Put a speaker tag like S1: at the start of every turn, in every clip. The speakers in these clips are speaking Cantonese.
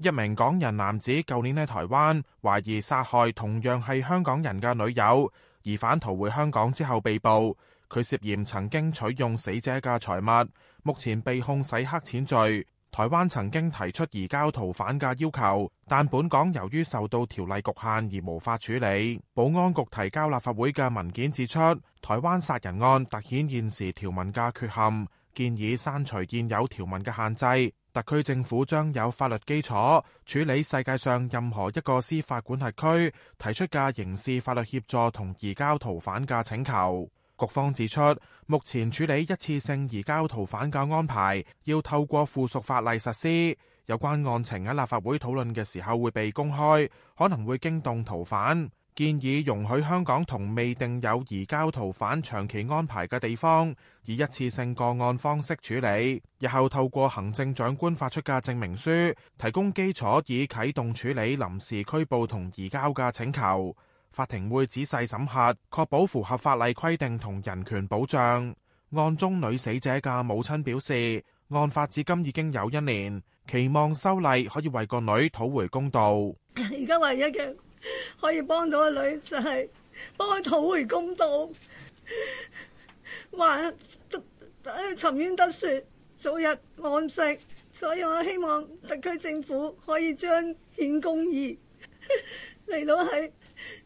S1: 一名港人男子舊年喺台灣懷疑殺害同樣係香港人嘅女友，疑犯逃回香港之後被捕，佢涉嫌曾經取用死者嘅財物，目前被控洗黑錢罪。台灣曾經提出移交逃犯嘅要求，但本港由於受到條例局限而無法處理。保安局提交立法會嘅文件指出，台灣殺人案凸顯現時條文嘅缺陷。建議刪除現有條文嘅限制，特區政府將有法律基礎處理世界上任何一個司法管轄區提出嘅刑事法律協助同移交逃犯嘅請求。局方指出，目前處理一次性移交逃犯嘅安排要透過附屬法例實施，有關案情喺立法會討論嘅時候會被公開，可能會驚動逃犯。建議容許香港同未定有移交逃犯長期安排嘅地方，以一次性個案方式處理。日後透過行政長官發出嘅證明書，提供基礎以啟動處理臨時拘捕同移交嘅請求。法庭會仔細審核，確保符合法例規定同人權保障。案中女死者嘅母親表示，案發至今已經有一年，期望修例可以為個女討回公道。
S2: 而家唯一嘅。可以幫到個女仔，幫佢討回公道，還沉冤得雪，早日安息。所以我希望特區政府可以將顯公義嚟到係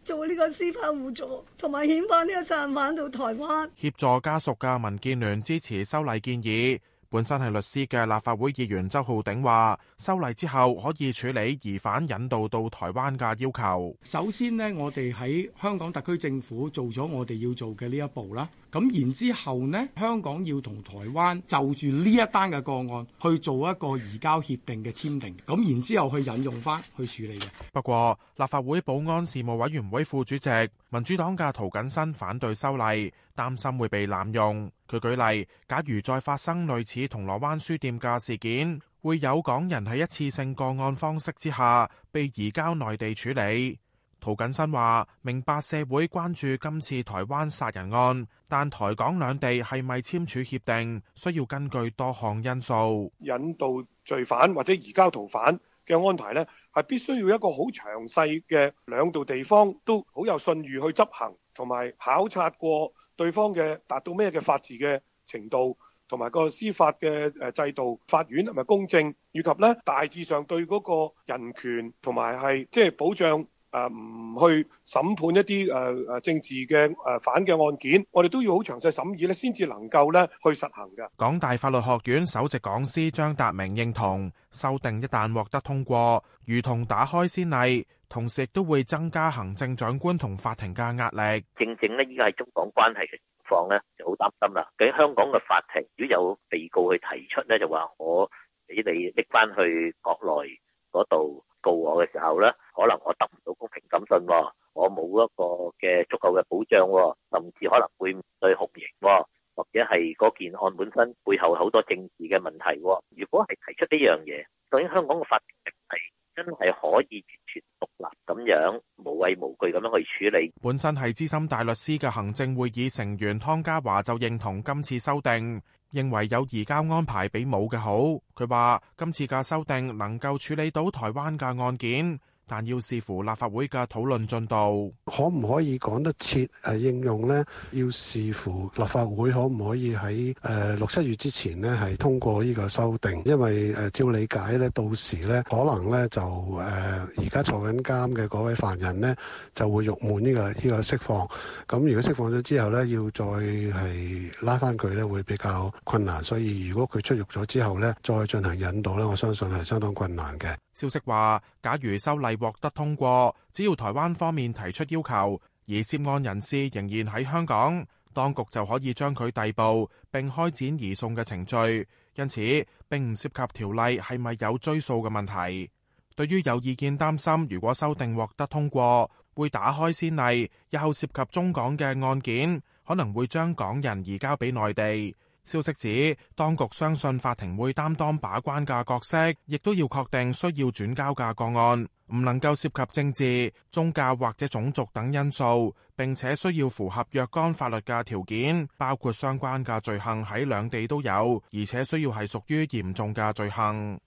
S2: 做呢個司法互助，同埋遣返呢個殺人犯到台灣。
S1: 協助家屬嘅民建聯支持修例建議。本身係律師嘅立法會議員周浩鼎話：修例之後可以處理疑犯引渡到台灣嘅要求。首先呢，我哋喺香港特區
S3: 政府做咗我哋要做嘅呢一步啦。咁然之後呢，香港要同台灣就住呢一單嘅個案去做一個移交協定嘅簽訂。咁然之後
S1: 去引用翻去處理嘅。不過，立法會保安事務委員會副主席民主黨嘅涂謹申反對修例。擔心會被濫用。佢舉例，假如再發生類似銅鑼灣書店嘅事件，會有港人喺一次性個案方式之下被移交內地處理。涂謹申話：明白社會關注今次台灣殺人案，但台港兩地係咪簽署協定，需要根據多項因素
S3: 引渡罪犯或者移交逃犯嘅安排呢，係必須要一個好詳細嘅兩度地方都好有信譽去執行，同埋考察過。對方嘅達到咩嘅法治嘅程度，同埋個司法嘅誒制度、法院同埋公正，以及咧大致上對嗰個人權，同埋係即係保障。誒唔去審判一啲誒誒政治嘅誒反嘅案件，我哋都要好詳細審議咧，先至能夠咧去實行嘅。
S1: 港大法律學院首席講師張達明認同，修訂一旦獲得通過，如同打開先例，同時亦都會增加行政長官同法庭嘅壓力。
S2: 正正咧，依家係中港關係嘅情況咧，就好擔心啦。喺香港嘅法庭，如果有被告去提出咧，就話我俾你拎翻去國內嗰度。告我嘅時候咧，可能我得唔到公平審訊，我冇一個嘅足夠嘅保障，甚至可能會對酷刑，或者係嗰件案本身背後好多政治嘅問題。如果係提出呢樣嘢，究竟香港嘅法庭係真係可以咁樣無畏無懼咁樣去處理。
S1: 本身係資深大律師嘅行政會議成員湯家驊就認同今次修訂，認為有移交安排比冇嘅好。佢話，今次嘅修訂能夠處理到台灣嘅案件。但要視乎立法會嘅討論進度，
S3: 可唔可以講得切誒應用呢？要視乎立法會可唔可以喺誒六七月之前呢，係通過呢個修訂？因為誒、呃、照理解咧，到時呢，可能呢，就誒而家坐緊監嘅嗰位犯人呢，就會欲滿呢個呢個釋放。咁如果釋放咗之後呢，要再係拉翻佢呢，會比較困難。所以如果佢出獄咗之後呢，再進行引導呢，我相信係相當困難嘅。消息
S1: 話，假如修例獲得通過，只要台灣方面提出要求，而涉案人士仍然喺香港，當局就可以將佢逮捕並開展移送嘅程序。因此並唔涉及條例係咪有追溯嘅問題。對於有意見擔心，如果修訂獲得通過，會打開先例，日後涉及中港嘅案件，可能會將港人移交俾內地。消息指，當局相信法庭會擔當把關嘅角色，亦都要確定需要轉交嘅個案唔能夠涉及政治、宗教或者種族等因素，並且需要符合若干法律嘅條件，包括相關嘅罪行喺兩地都有，而且需要係屬於嚴重嘅罪行。